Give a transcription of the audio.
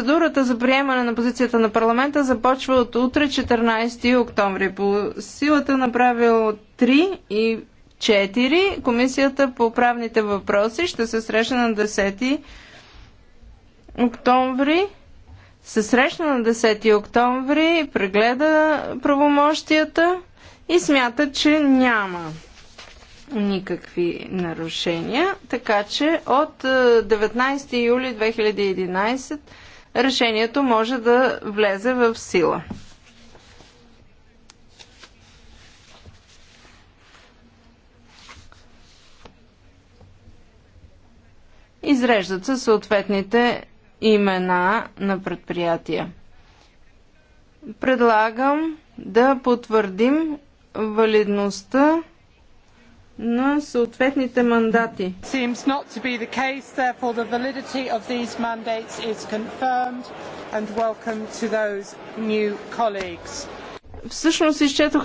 Процедурата за приемане на позицията на парламента започва от утре 14 октомври. По силата на правило 3 и 4 Комисията по правните въпроси ще се срещне на 10 октомври. Се срещна на 10 октомври, прегледа правомощията и смята, че няма никакви нарушения. Така че от 19 е, юли 2011 решението може да влезе в сила. Изреждат се съответните имена на предприятия. Предлагам да потвърдим валидността на съответните мандати. Seems not to be the case, therefore the validity of these mandates is confirmed and welcome to those new colleagues. Всъщност изчетох